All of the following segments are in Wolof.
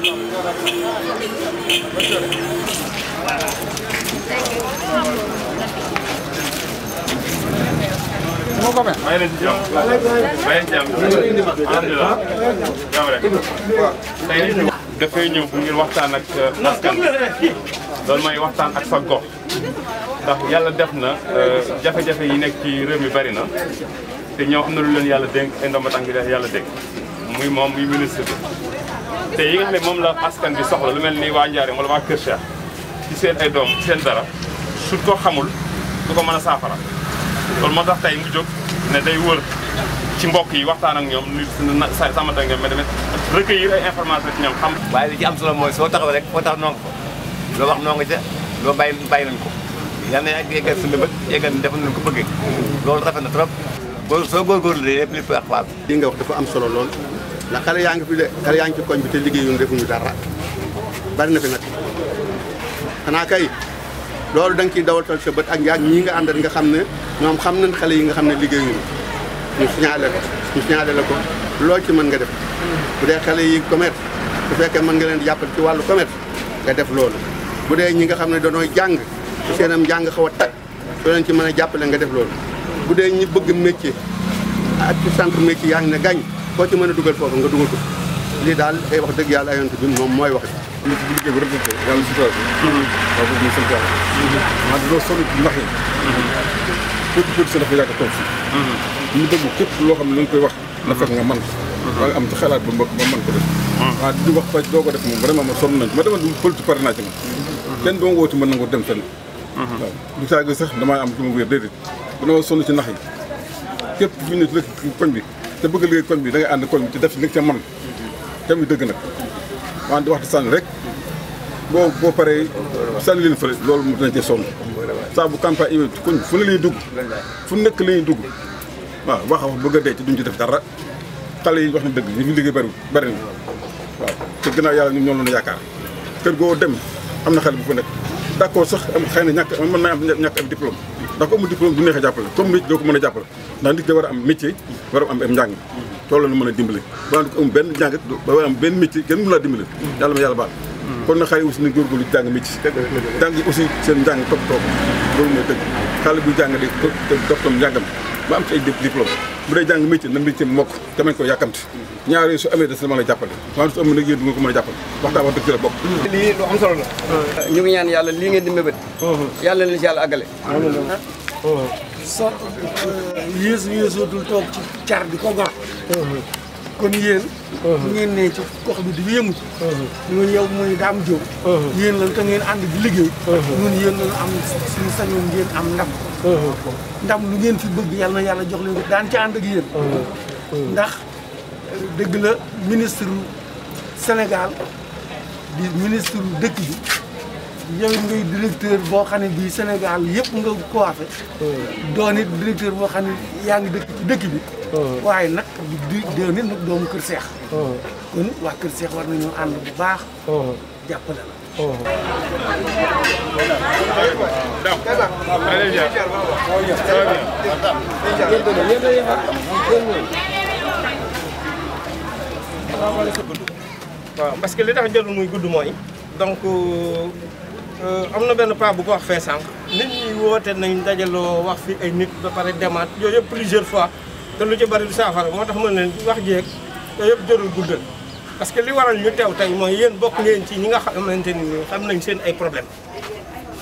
moo ko maa ngi leen di jox dafay ñëw bu ngeen waxtaan ak euh, askan loolu mooy waxtaan ak sa gox ndax yàlla def na euh, jafe-jafe yi nekk ci réew mi bari na te ñoo am na lu leen yàlla dénk ay ndomba tànk yi yàlla dénk muy moom muy ministre bi. te yi nga ne moom la askan bi soxla lu mel ni waa Ndiarème wala waa Kër Cheikh seen e doom ci seen dara suñ ko xamul du ko mën a saafara loolu moo tax tey mu jóg ne day wër ci mbok yi waxtaan ak ñoom nit sàmmante ak ñoom mais tamit recueillir ay information ci ñoom xam waaye li am solo mooy soo taxaw rek foo tax noo ko fa loo wax noo nga ca loo bàyyi bay nañ ko yal na yeggal sa mbëbët yeggal def nañ ko bëggee loolu rafet na trop soo góorgóorlu lépp lépp ak faal li nga wax dafa am solo lool ndax xale yaa ngi fi de xale yaa ngi ci koñ bi te liggéeyuñu defuñu dara bari na fi nag xanaa kay loolu da nga ciy dawaltal sa bët ak njaag ñii nga àndal nga xam ne ñoom xam nañ xale yi nga xam ne liggéeyuñu ñu signalé ko ñu la ko loo ci mën nga def bu dee xale yi commerce su fekkee mën nga leen di jàppale ci wàllu commerce nga def loolu bu dee ñi nga xam ne danooy jàng su seenam jàng xaw a tag soo leen ci mën a jàppale nga def loolu bu dee ñi bëgg métier ak ci centre métier yaa ngi koo ci mën a dugal foofu nga dugal ko lii daal ay wax dëgg yàlla ayonte bi moom mooy wax bi ci liggéey bu rafet yàlla si tool waaw boobu ñu sant yàlla maa ngi doon sonn ci wax yi tuuti tuuti sa dafa yàgg toog si ñu dégg képp loo xam ne la nga koy wax na fekk nga man ko waaye am ci xalaat ba ba man ko def waaw di wax fa doo ko def moom vraiment ma sonn nañ ma demoon politique pare naa ci man kenn doo nga wooti mën nango dem fenn waaw du caagi sax damaa am ci ma wér déedéet dama sonn ci nax yi képp ñu ne rek koñ bi te bëgg liggéey koñ bi da ngay ànd koñ bi ci def li nga ca mën te muy dëgg nag waan di waxtu sànni rek boo boo paree sànni leen fële loolu mu dinañ cee sonn saa bu campagne yi kuñ fu ne la ñuy nekk la ñuy dugg waaw wax wax bëgg a dee ci duñ ci def dara xale yi wax na dëgg ñu fi liggéey bariwul bari waaw te ginnaaw yàlla ñun ñoo loonu yaakaar kër goo dem am na xale bu fa nekk d'accord sax am xëy na ñàkk mën naa am ñàkk am diplôme ndax ko amul diplôme du neex a jàppale comme nit doo ko mën a jàppale ndax nit da war a am métier war a am am njàng tool la mën a dimbale ba ko am benn njàng ba war a am benn métier kenn mënu laa dimbale yàlla ma yàlla baal kon na xale yi aussi nañ góorgóorlu jàng métier jàng aussi seen njàng topp topp loolu mooy dëgg xale bu jàng de topp tam njàngam ba am ci ay diplôme bu dee jàng métier na métier mokk te mañ ko yàkkamti ñaar yi su amee des na mën a jàppale maanaam su amee nag yéen du nga ko mën a jàppale waxtaan wax dëgg ci la bokk lii lu am solo la ñu ngi ñaan yàlla lii ngeen di mébét yàlla na ci yàlla àggale so euh, yéesu yéesootul toog ci car bi ko gar kon yéen ngeen ne ci gox bi di yéemu ci ñun yow mooy daam jóg yéen lan te ngeen ànd di liggéey ñun yéen lan am suñu sañoon ngeen am ndam ndam lu ngeen fi bëgg yàlla na yàlla jox leen daan ci ànd ak yéen. ndax dëgg la ministre Sénégal di ministre dëkk bi yow it ngay directeur boo xam ne bii Sénégal yëpp nga koo coiffé. doon it directeur boo xam ne yaa ngi dëkk ci dëkk bi. waaye nag di doon it nag doomu Kër Seex. kon waa Kër Seex war nañoo ànd bu baax. jàppale la. Oh. waaw parce que li tax jotul muy gudd mooy donc euh, am na benn paa bu wax fee sànq nit ñi woote nañ dajaloo wax fi ay nit ba pare demaat yooyu yëpp plusieurs fois te lu ci bari du saafara moo tax ma leen wax jeeg yooyu yëpp guddal parce que li waral ñu teew tey mooy yéen bokk ngeen ci ñi nga xamante ni xam nañ seen ay problème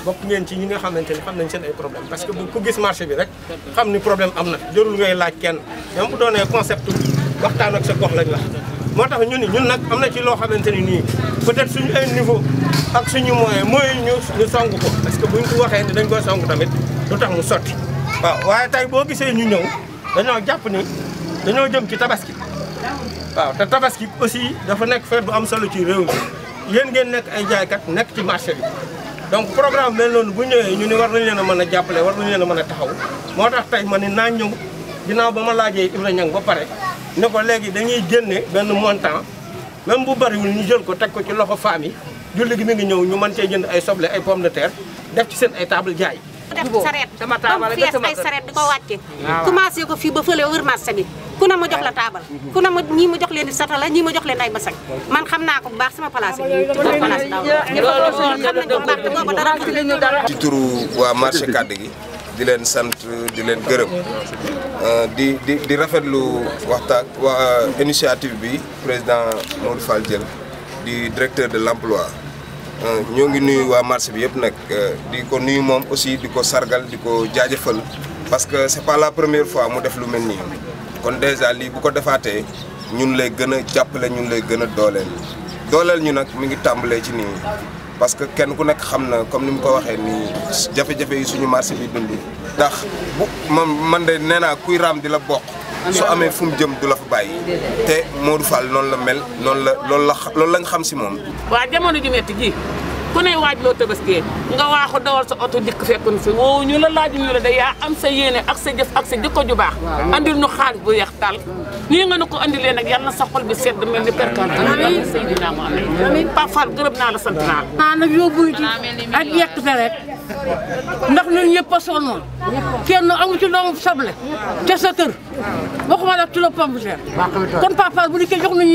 bokk ngeen ci ñi nga xamante ni xam nañ seen ay problème parce que bu ku gis marché bi rek xam ni problème am na jarul ngay laaj kenn même bu doonee concept waxtaan ak sa gox lañ la moo tax ñu ni ñun nag am na ci loo xamante ni nii peut-être suñu ay niveau ak suñu moyen mooy ñu ñu song ko parce que buñ ko waxee ni dañ koy song tamit lu tax mu sotti waaw waaye tey boo gisee ñu ñëw dañoo jàpp ni dañoo jëm ci tabaski waaw te tabaski aussi dafa nekk feet bu am solo ci réew mi yéen ngeen nekk ay jaaykat nekk ci marché bi donc programme mel noonu bu ñëwee ñu ni war nañu leen a mën a jàppale war nañu leen a mën a taxaw moo tax tey ma ni naa ñëw ginnaaw ba ma laajee Ibra Niang ba pare ne ko léegi dañuy génne benn montant même bu bariwul ñu jël ko teg ko ci loxo femmes yi julli gi mi ngi ñëw ñu mën cee jënd ay soble ay pomme de terre def ci seen ay table jaay. def sareet ba mu fees ay sareet di ko wàcce. commencé ko fii ba fële wër marché bi. ku ne ma jox la taabal ku ne ma ñii ma jox leen di satala ñii ma jox leen ay masak man xam naa ko bu baax sama place bi turu waa marché kàdd gi di leen sant di leen gërëm euh, di di di rafetlu waxtaan waa initiative bi président Modou Fall jël di directeur de l'emploi euh, ñoo ngi nuyu waa marché bi yëpp nag euh, di ko nuyu moom aussi di ko sargal di ko jaajëfal parce que c'est pas la première fois mu def lu mel nii kon déjà lii bu ko defaatee ñun lay gën a jàppale ñun lay gën a dooleel dooleel ñu nag mu ngi tàmbalee ci nii parce que kenn ku nekk xam na comme ni mu ko waxee nii jafe-jafe yi suñu marché bi dund ndax bu man man de nee naa kuy raam di la bokk su amee fu mu jëm du la fa bàyyi te Modou Fall noonu la mel noonu la loolu la loolu lañ xam si moom waa jamono ju metti ji ku ne waaj loo tabaskee nga waaxu dawal sa oto dikk fekkun fi woowu ñu la laaj ñu la da yaa am sa yéene ak sa jëf ak sa jikko ju baax andil ñu xaalis bu yeex tal nii nga nu ko leen ak yal na sa xol bi sedd mel ni perkal Seydina Muhammad Pape Fall gërëm naa la sant naa la nag yóbbu ci ak yekk rek ndax ñun ñëpp a sonnoon kenn amu ci doomu sable te sa kër waxuma la kilo pomme de terre kon papa bu dikkee jox nañu.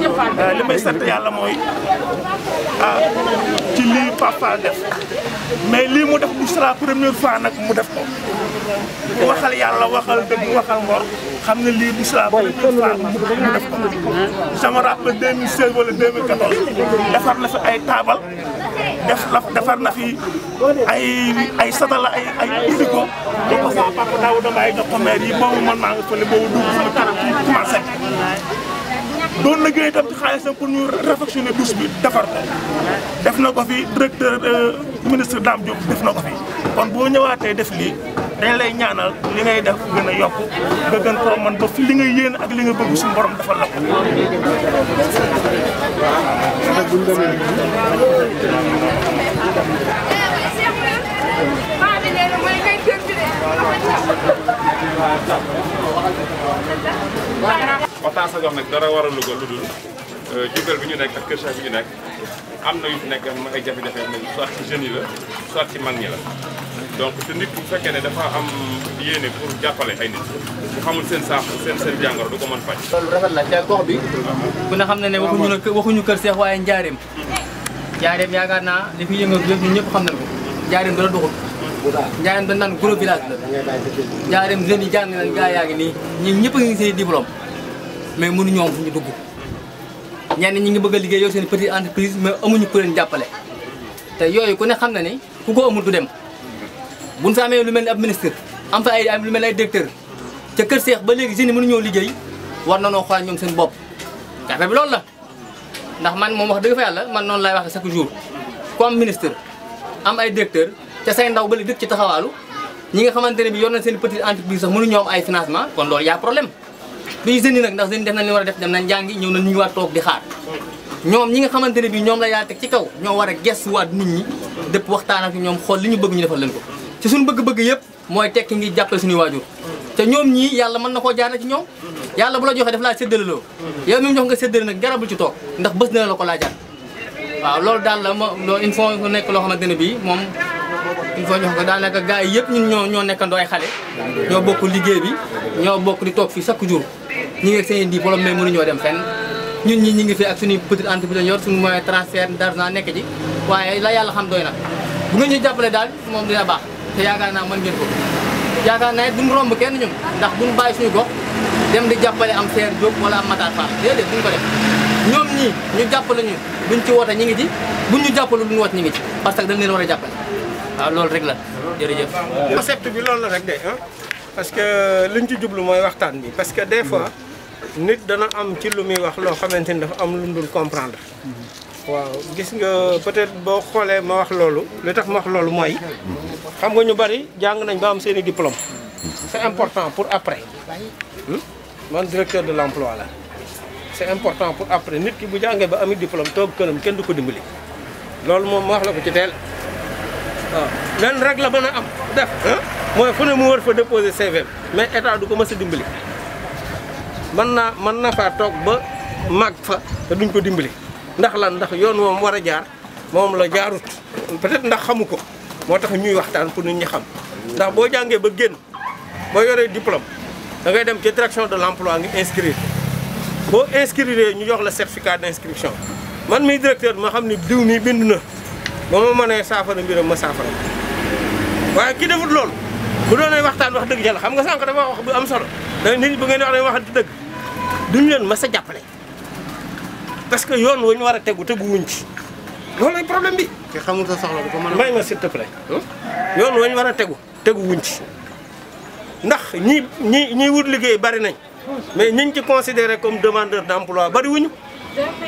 li may sant yàlla mooy ah ci lii papa def mais lii mu def bu sera première fois nag mu def ko waxal yàlla waxal dëgg waxal ngor xam ne lii bu sera première fois mu def ko. sama rappel 2016 wala 2014 defar na ay taabal. def defar na fi ay ay satala ay ay indigo ko sama la Daouda Mbaye jox ko maire yi boobu man maa ngi fële boobu dugg ma ci commencé doon liggéey itam ci xaalisam pour ñu réfectionner douche bi defar ko def na ko fi directeur euh, ministre Dame Diop def na ko fi kon boo ñëwaatee def lii dañ lay ñaanal li ngay def gën a yokk nga gën koo man ba fi li nga yéen ak li nga bëgg suñu borom dafa lakk. waxtaan sa gox nag dara waralu ko lu dul Jurbel euh, bi ñu nekk ak Kër Cheikh bi ñu nekk am na yu fi nekk am na ay jafe-jafe yu soit ci jeunes yi la soit ci mag ñi la. donc te nit bu fekkee ne dafa am yéene pour jàppale ay nit bu xamul seen saako seen seen jàngoro du ko mën faj. loolu rafet na te gox bi. ku ne xam na ne waxuñu ne waxuñu kër seex waaye njaareem. njaareem yaakaar naa li fi yëngatu yëpp ñun ñëpp xam nañu ko. njaareem dana doxul. njaareem dañu naan gros village la. njaareem jeunes yi jàng nañ yaa ngi nii ñi ñëpp a ngi seen diplôme mais mënuñoo am fu ñu dugg. ñenn ñi ngi bëgg a liggéey yor seen petite entreprise mais amuñu ku jàppale te yooyu ku ne xam na ni ku ko amul du dem bu ñu fa amee lu mel ni ab ministre am fa ay lu mel ni ay directeur ca kër seex ba léegi jeunes yi mënuñoo liggéey war na noo xool ñoom seen bopp affaire bi loolu la ndax man moom wax dëgg fa yàlla man noonu lay waxee chaque jour comme ministre ay directeur ca say ndaw ba léegi dëkk ci taxawaalu ñi nga xamante ne bi yor nañ seen petite entreprise sax mënuñoo am ay financement kon loolu yaa problème duñu jeunes yi nag ndax jeunes def nañ li war a def dem nañ jàngi ñëw na ñu ngi war toog di xaar ñoom ñi nga xamante ne bi ñoom la yaa teg ci kaw ñoo war a gestuwaat dëpp waxtaan ak ñoom xool li ñu bëgg ñu defal leen ko te suñu bëgg-bëgg yëpp mooy tekki ngi jàppale suñuy waajur te ñoom ñii yàlla man na koo jaarale ci ñoom yàlla bu la joxee daf laa séddale loo yow mi mu jox nga séddale nag jarabul ci toog ndax bës na la ko laajaat waaw loolu daal la ma loolu il nekk loo xamante ne bii moom il faut ko daanaka gars yi yëpp ñun ñoo ñoo nekkandoo ay xale ñoo bokk liggéey bi ñoo bokk di toog fii chaque jour ñi ngi ak seen diplôme mais mënuñoo dem fenn ñun ñi ñi ngi fi ak suñuy petite entreprise yor suñu moyen transfert d'argent nekk ci waaye la yàlla xam doy na bu nga ñu jàppale daal moom dina baax te yaakaar naa mën ngeen ko yaakaar naa du duñ romb kenn ñun ndax buñ bàyyi suñu gox dem di jàppale am seer jóg wala am mataar faax déedéet duñ ko def ñoom ñii ñu jàppale ñu buñ ci woote ñi ngi ci ñu ngi ci parce que dañ leen war a jàppale waaw loolu rek la jërëjëf concept bi loolu la rek de parce que liñ ci jublu mooy waxtaan bi parce que des fois nit dana am ci lu muy wax loo xamante ni dafa am lu dul comprendre waaw gis nga peut-être boo xoolee ma wax loolu li tax ma wax loolu mooy xam nga ñu bari jàng nañ ba am seeni diplôme c'est important pour après hmm? man directeur de l'emploi la c'est important pour après nit ki bu jàngee ba ami diplôme toog këram kenn du ko dimbali loolu moom ma wax la ko ci teel waaw lenn rek la mën a am def mooy fu ne mu war fa déposer CV mais état du ko mës a dimbali man naa mën na faa toog ba mag fa te duñ ko dimbali ndax lan ndax yoon moom war a jaar moom la jaarut peut-être ndax xamu ko moo tax ñuy waxtaan pour nit ñi xam ndax boo jàngee ba génn boo yoree diplôme da ngay dem ci direction de l'emploi ngi inscrire boo inscrire ñu jox la certificat d'inscription man mi directeur ma xam ni diw mii bind na ba ma mënee saafara mbiram ma saafara waaye ki defut loolu bu doonay waxtaan wax dëgg yàlla xam nga sànq dafa wax bu am solo da nit bu ngeen wax ne wax dëgg duñu leen mas a jàppale parce que yoon wu ñu war a tegu tegu ci loolu mooy bi. te xamul sa soxla ko mën a. ma s'il hmm? yoon wu war a tegu tegu ci ndax ñi ñi ñi wut liggéey bari nañ mais ñiñ ci considéré comme demandeur d'emploi bari wuñu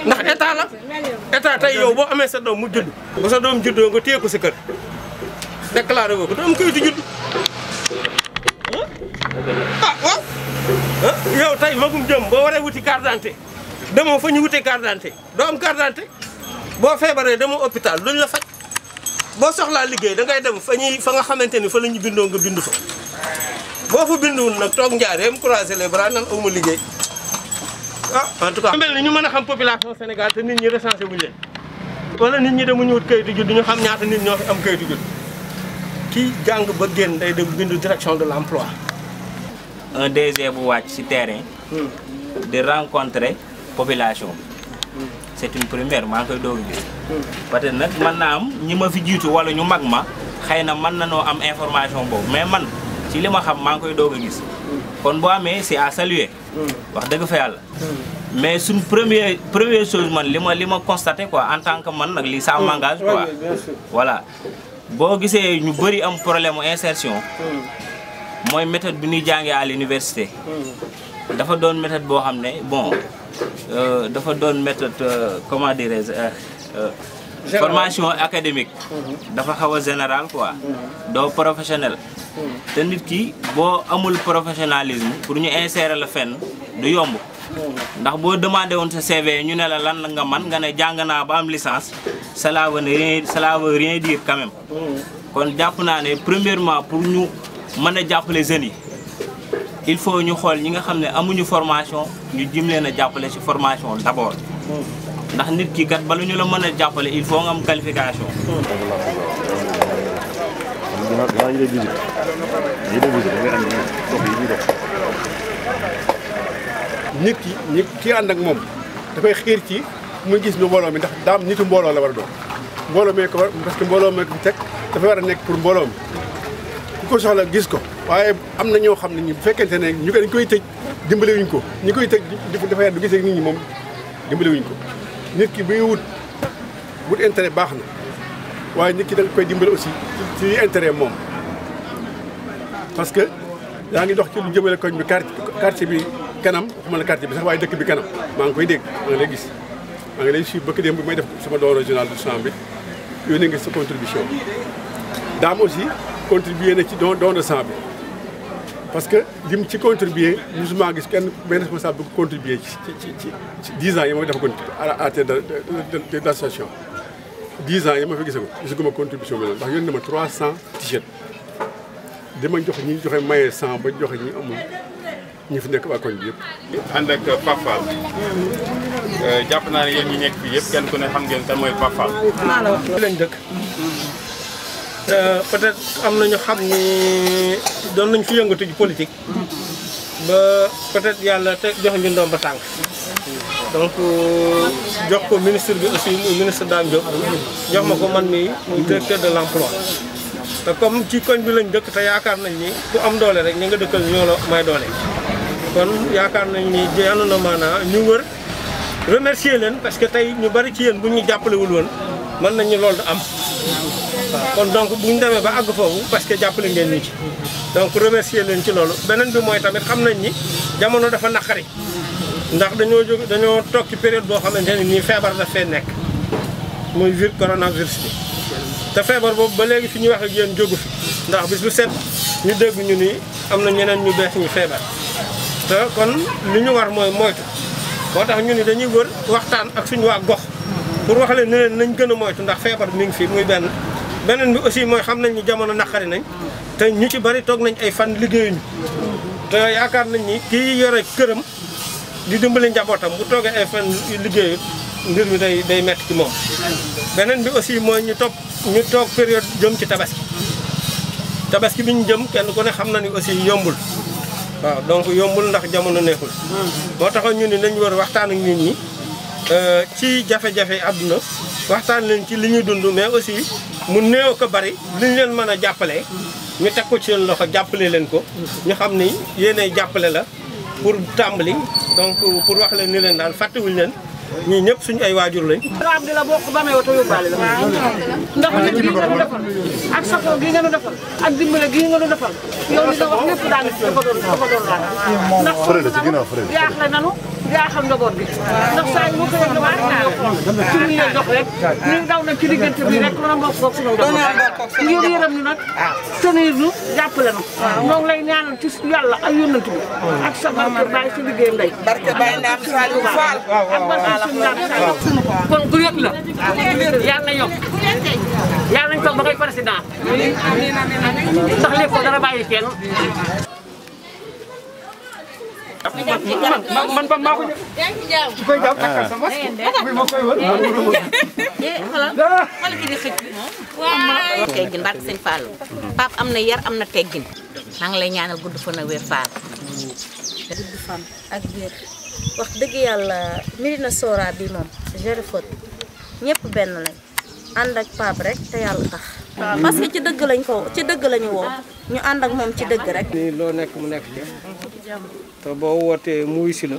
ndax état la yow boo amee sa doom mu judd ba sa doom juddoo nga téye ko si kër déclaré woo ko doom kayitu judd hmm? ah, hmm? yow tey magum jëm boo waree wuti carte demoo fa ñu wutee carte d'identité doo am carte d'identité boo feebaree demoo hôpital duñ la faj boo soxlaa liggéey da ngay dem fa ñuy fa nga xamante ni fa la ñu bindoo nga bindu fa boo fa binduwul nag toog njaareem croiser les bras nan awma liggéey ah en tout cas. mel ni ñu mën a xam population Sénégal te nit ñi recensé wuñu leen wala nit ñi dem demuñu wut kayitu judd ñu xam ñaata nit ñoo fi am kayitu judd kii jàng ba génn day dem bindu direction de l'emploi. un DG bu wàcc ci terrain. Hmm. di rencontrer. population bi c'est une première maa ngi koy doog gis peut-être nag mën naa am ñi ma fi jiitu wala ñu mag ma xëy na man na noo am information boobu mais man ci li ma xam maa ngi koy doog a gis kon boo amee c'est à saluer wax dëgg fa yàlla mais suñ premier première chose man li ma li ma constaté quoi en tant que man nag li ça m'engage quoi boo gisee ñu bëri am problème mu insertion mooy méthode bi ñuy jàngee à l'université hmm. dafa doon méthode boo xam ne bon Euh, dafa doon méthode euh, comment dirais-je euh, formation mhm. dafa xaw a général quoi mhm. doo professionnel mhm. te nit ki boo amul professionnalisme pour ñu insérer la fenn du yomb ndax boo demandé woon sa CV ñu ne la lan la nga man nga ne jàng naa ba am licence cela veut rien cela veut rien dire kon jàpp naa ne premièrement pour ñu mën a jàppale jeunes yi il faut ñu xool ñi nga xam ne amuñu formation ñu jim na jàppale si formation d'abord ndax nit kii kat bala ñu la mën a jàppale il faut nga am qualification. nit ki nit ki ànd ak moom dafay xiir ci mu gis lu mbooloo mi ndax daam nitu mbooloo la war a doon mbooloo mee ko parce que mbooloo mee ko teg dafay war a nekk pour mbooloo mi ko soxla gis ko. waaye am na ñoo xam ne ñi bu fekkente ne ñu ko dañ koy tëj dimbalewuñ ko ñi koy tëj dafa yar du gisee nit ñi moom dimbalewuñ ko nit ki buy wut wut intérêt baax na waaye nit ki dañ koy dimbale aussi si intérêt moom parce que yaa ngi dox ci lu jëmale koñ bi quartier bi kanam waxuma la quartier bi sax waaye dëkk bi kanam maa ngi koy dégg maa ngi lay gis maa ngi lay suivre ba démb bi may def sama don régional du champ bi yónnee nga sa contribution daam aussi contribuer na ci don don de sang bi parce que lim ci contribuer musuma gis kenn benn responsable bu contribuer ci ci ci ci dix ans yi ma dafa ko à à tête de l'association ans yi ma fa gisee ko gisaguma contribution bi noonu ndax yónnee ma trois cent t-shirt dama joxe ñi joxe maye cent ba joxe ñi amul ñi fi nekk waa koñ bi yëpp. ànd ak Pape euh, jàpp naa ne yéen ñi nekk fii yëpp kenn ku ne xam ngeen kan mooy Pape Fall. maa la lañ dëkk. Euh, peut-être am na ñu xam ni doon nañ fi yëngatu ci politique. ba peut-être yàlla te jox ñu ndoom ba tànk. donc euh, jox ko ministre bi aussi ministre Dame Diop. jox ma ko man mii muy directeur de l'emploi. te comme ci koñ bi lañ dëkk te yaakaar nañ ni ku am doole rek ñi nga dëkkal ñoo la may doole. kon yaakaar nañ ni jaanu na maanaa ñu wër remercier leen parce que tey ñu bari ci yéen bu ñu jàppalewul woon mën nañu loolu da am. kon donc bu ñu demee ba àgg foofu parce que jàppale ngeen ñu ci donc remercier leen ci loolu beneen bi mooy tamit xam nañ ni jamono dafa naqari ndax dañoo jóg dañoo toog ci période boo xamante ne nii feebar daf fee nekk muy vir coronavirus bi te feebar boobu ba léegi fi ñuy wax ak yéen jógu fi ndax bis bu set ñu dégg ñu ni am na ñeneen ñu bees ñu feebar te kon li ñu war mooy moytu moo tax ñu ni dañuy wër waxtaan ak suñu waa gox pour wax leen ne leen nañ gën a moytu ndax feebar mi ngi fi muy benn beneen bi aussi mooy xam nañ ni jamono naqari nañ te ñu ci bari toog nañ ay fan liggéeyuñu te yaakaar nañ ni kii yore këram di dimbali njabootam bu toogee ay fan liggéeyut mbir mi day day metti ci moom. beneen bi aussi mooy ñu topp ñu toog période jëm ci tabaski tabaski bi ñu jëm kenn ku ne xam na ni aussi yombul. waaw donc yombul ndax jamono neexul. moo taxoon ñu ni nañu war waxtaan ak nit ñi euh, ci jafe-jafe àdduna waxtaan leen ci li ñuy dund mais aussi. mu néew ko bari liñ leen mën a jàppale ñu teg ko ci seen loxo jàppale leen ko ñu xam ni yéenay jàppale la pour tàmbali donc pour wax leen ni leen daal fàttewuñ leen ñii ñëpp suñu ay waajur lañ. raam di la bokk ba may oto ndax nit gi nga nu defal ak safoo gi nga defal ak dimbale gi nga nu defal yow li nga wax lépp daal dafa yaaxle nanu jaaxal njaboot bi ndax saa yu ma xëyee damaa xaar ci muy leen dox rek ñu daw na ci diggante bi rek mën a mbokk koog suñu njaboot ngir yërëm ñu nag ah. tenir ñu jàppale nu ñoo ah. ngi lay ñaanal ci yàlla ak yónnant bi ah. ak sa barke bàyyi sa liggéey ndey barke bàyyi ndaam Saliou Fall ak barke suñu ndaam Saliou kon du yëg la yàlla yokk yàlla nañ toog ba ngay président ndax lépp ko dara bàyyi kenn man man man maa ko ñëw. yaa ngi ci jaamu ku koy jaamu takkal sa masque. muy am na yar am na teggin. maa lay ñaanal gudd fan ak wér faal. gudd wax dëgg yàlla Médina Sora bi moom zéro faute ñëpp benn lañ ànd ak Pape rek te yàlla tax. parce que ci dëgg lañ ko ci dëgg lañu woo ñu ànd ak moom ci dëgg rek. nii mu nekk te boo wootee muy si la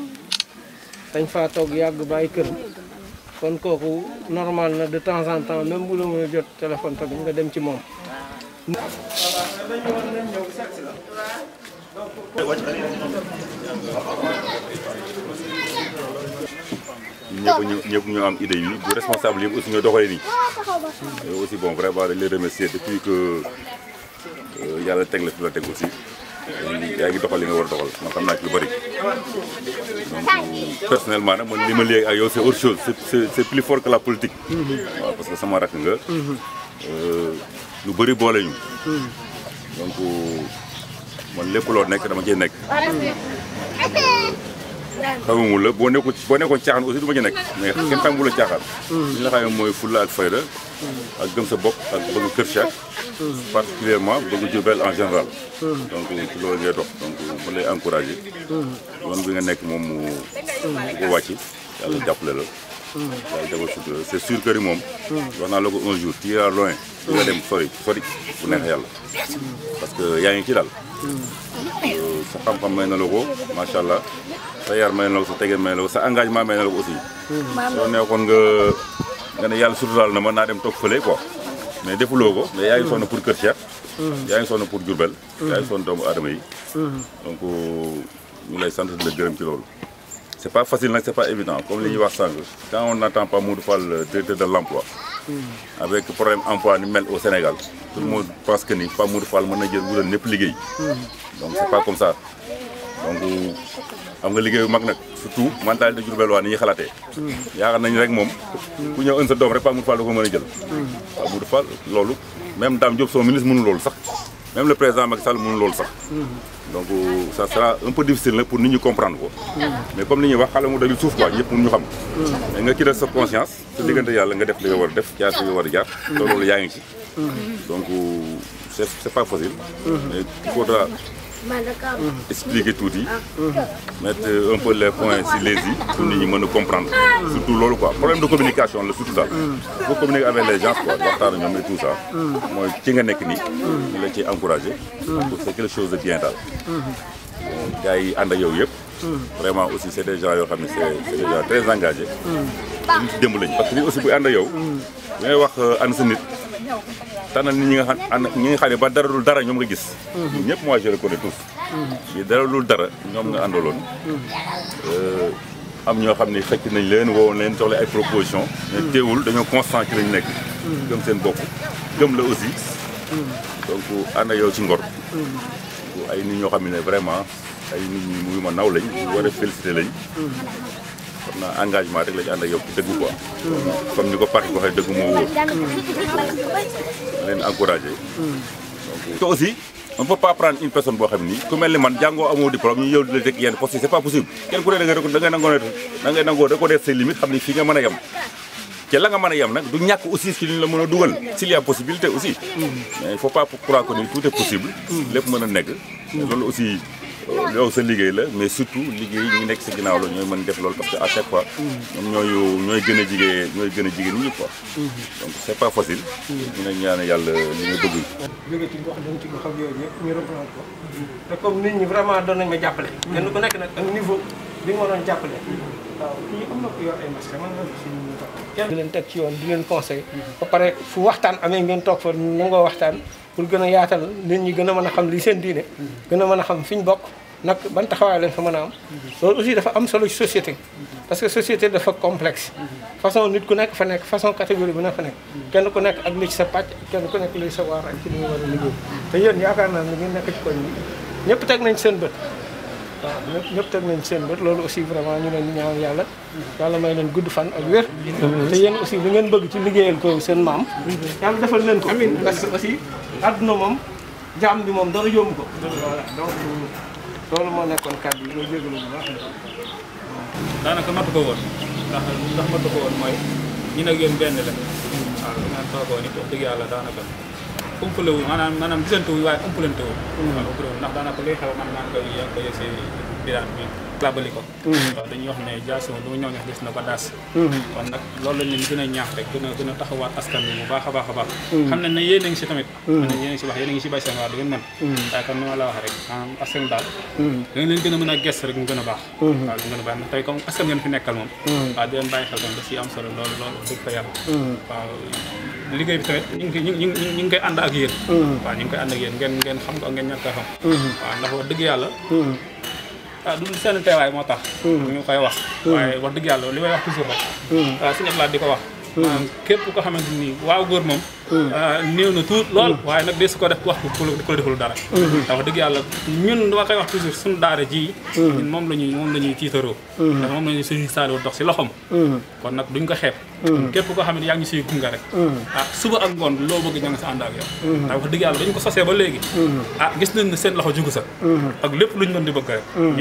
dañ faa toog yàgg bàyyi kër kon kooku normal na de temps en temps même bu la mën a jot téléphone tamit nga dem ci moom. ñëpp ñu ñëpp ñu am idée yi bu responsable yëpp aussi ñoo doxalee nii. aussi bon vraiment dañ lay remercier depuis que euh, yàlla teg la fi la teg aussi. yaa doxal li nga war a doxal man xam naa ci lu bëri donc personnellement nag man li ma léegi ak yow c'est autre chose c'est c'est plus fort la politique. Mm-hmm. waaw parce que sama rakk nga. Mm-hmm. Euh, lu bëri boole ñu. Mm-hmm. donc man lépp loo nekk dama cee nekk. xamamul la boo nekkoon boo nekkoon caaxaan aussi du ma ci nekk. mais kenn xamamul la caaxaan. li nga xam mooy fulla ak fayda. ak gëm sa bopp ak bëgg kër particulièrement bëgg Diourbel en général hmm. donc ci loolu ngay dox donc mu lay encouragé hmm. yoon nga nekk moom mu ko wàcc yàlla jàppale la hmm. yàlla defal sutura c'est sûr que moom wax naa la ko un jour tu iras loin di nga dem sori sori bu neex yàlla parce que yaa ngi ci daal euh, sa xam-xam may na la ko macha allah sa yar may na la sa tege may na la sa engagement may na la ko aussi soo nekkoon nga nga ne yàlla suturaal na ma naa dem toog fële ko mais defuloo ko mais yaa ngi sonn pour Kër Cheikh. Mm-hmm. yaa ngi sonn pour Diourbel. Mm-hmm. yaa ngi sonn doomu aadama yi. Mm-hmm. donc euh, ñu lay sant di la gërëm ci loolu. c' est pas facile nag c' pas évident comme li ñuy wax sànq quand on n' attend pas Modou Fall euh, directeur de l' avec problème emploi ni mel au Sénégal. tout le monde nii que ni Pape Modou mën na jël wutal népp liggéey. donc c' pas comme ça euh, xam nga liggéeyu mag nag surtout mentalité Diourbel waa ni ñuy xalaatee yaakaar nañ rek moom ku ñëw ën sa doom rek Pape Modou Fall da ko mën a jël Pape Modou Fall loolu même Dame Diop son ministre mënu loolu sax même le président Macky Sall mënu loolu sax donc ça pour nit ñi comprendre ko mais comme li ñuy wax xale mu dajul suuf quoi ñëpp mën ñu xam mais nga ci def sa conscience sa diggante yàlla nga def li nga war a def jaar fi nga war a jaar loolu yaa ngi ci donc c'est c'est pas facile mais il faudra Mm. expliquer tuuti ah. mm. mettre euh, un peu les points sur les i pour nit ñi mën a comprendre ah. surtout loolu ko problème de communication la surtout daal mm. faut communiquer avec les gens quoi waxtaan ñoom et tout ça mooy ci nga nekk nii ñu la ciy encouragé pour c'est quelque chose de bien daal gars yi ànd ak yow yëpp vraiment aussi c'est des gens yoo xam ne c'est des gens très engagés ñu ci démb lañ parce que aussi bu ànd yow ngay wax euh, ànd sa nit tànnal ni ñi nga xam ñi nga xam ne ba dara dul dara ñoom nga gis. Mhm. ñëpp moi je les connais tous. yi mhm. dara dul dara ñoom nga àndaloon. Mhm. Euh, am ñoo xam ne fekk nañ leen woo leen jox leen ay proposition mais teewul dañoo constant ci lañ nekk. gëm seen bopp gëm la aussi. donc ànd ak yow ci ngor. ay nit ñoo xam ne vraiment ay nit ñi muy ma naw lañ. war a félicité lañ. xam naa engagement rek la ñu ànd ak yow ci dëgg quoi. comme ni ko parti waxee dëgg moo wóor. Hmm. leen encouragé. Hmm. donc te aussi on ne peut pas prendre une personne boo xam ni ku mel ni man jàngoo amoo diplôme ñu yow di la teg yenn postes yi pas possible kenn ku ne da nga da nga nangoo da nga nangoo reconnaître ses xam ni fii nga mën a yem. te la nga mën a yem nag du ñàkk aussi ci liñ la mën a dugal s'il y a possibilité aussi. Hmm. mais il faut pas croire lépp mën a nekk. aussi. loolu euh, sa liggéey la mais surtout liggéey ñi nekk si ginnaaw la ñooy mën def loolu parce que à chaque fois. ñoom ñooy ñooy gën a jigéen ñooy gën a jigéen ñi quoi. donc c' est pas facile. ñaan yàlla li nga bëgg. jóge ci gox dem ci goxam yooyu yëpp nit ñi vraiment doon nañ ma jàppale. kenn ku nekk nag ak niveau bi nga doon jàppale. waaw kii di leen teg ci yoon di leen conseil ba pare fu waxtaan amee ngeen toog fa nangoo waxtaan. pour gën a yaatal nit ñi gën a mën a xam lii seen diine gën a mën a xam fi ñu bokk nag ban taxawaay leen fa man a am loolu aussi dafa am solo ci société parce que société dafa complexe façon nit ku nekk fa nekk façon catégorie bu nekk fa nekk kenn ku nekk ak li ci sa pàcc kenn ku nekk li sa waar ak ci li mu war a liggéey te yéen yaakaar naa ni nekk ci koñ bi ñëpp teg nañ seen bët waaw ñëpp ñëpp teg nañ seen bët loolu aussi vraiment ñu leen ñaan yàlla yàlla may leen gudd fan ak wér te yéen aussi li ngeen bëgg ci liggéeyal ko seen maam yàlla defal leen ko amiin parce que aussi àdduna moom jaam bi moom dara yomb ko voilà loolu moo nekkoon kàddu yi loolu jégalu bu baax daanaka matu ko woon ndax ndax matu ko woon mooy ñun ak yéen benn la waaw li naan toogoon it wax yàlla daanaka umpale wu maanaam maanaam gisante wu waaye umpalante wu. waaw umpale wu ndax daanaka luy xew man maa ngi koy yaa ngi koy biraan bi labali ko mhm. waaw dañuy wax ne jaasoo lu ñëw ñax des na ko daas mhm. kon nag loolu lañ a ñaax rek gën a gën a taxawaat bu baax a a baax mhm. xam nañ ne a a a ngi si ngeen mën waaye a a a baax waaw mu a baax ndax tey a xam dëgg yàlla ah du seen teewaay moo tax. Hmm. ñu koy wax. Hmm. waaye wax dëgg yàlla li may wax toujours rek. waaw suñu laaj di ko wax. maanaam ah, képp ko xamante ni waaw góor moom. Hmm. Ah, néew na tuut lool. waaye nag de su ko def wax ko ku la deful dara. ndax ah, wax dëgg yàlla ñun dama koy wax toujours suñu daara ji. moom la ñuy moom la ñuy tiitaroo. ndax moom la ñuy suñu dox si loxoom. kon nag duñ ko xeeb. képp koo xam ne yaa ngi siy gunga rek. ah suba ak ngoon loo bëgg ña nga sa ànd ak dañ ko sosee ba léegi. ah gis nañ ne seen loxo jugu sa. ak lépp luñ mën di bëgg rek.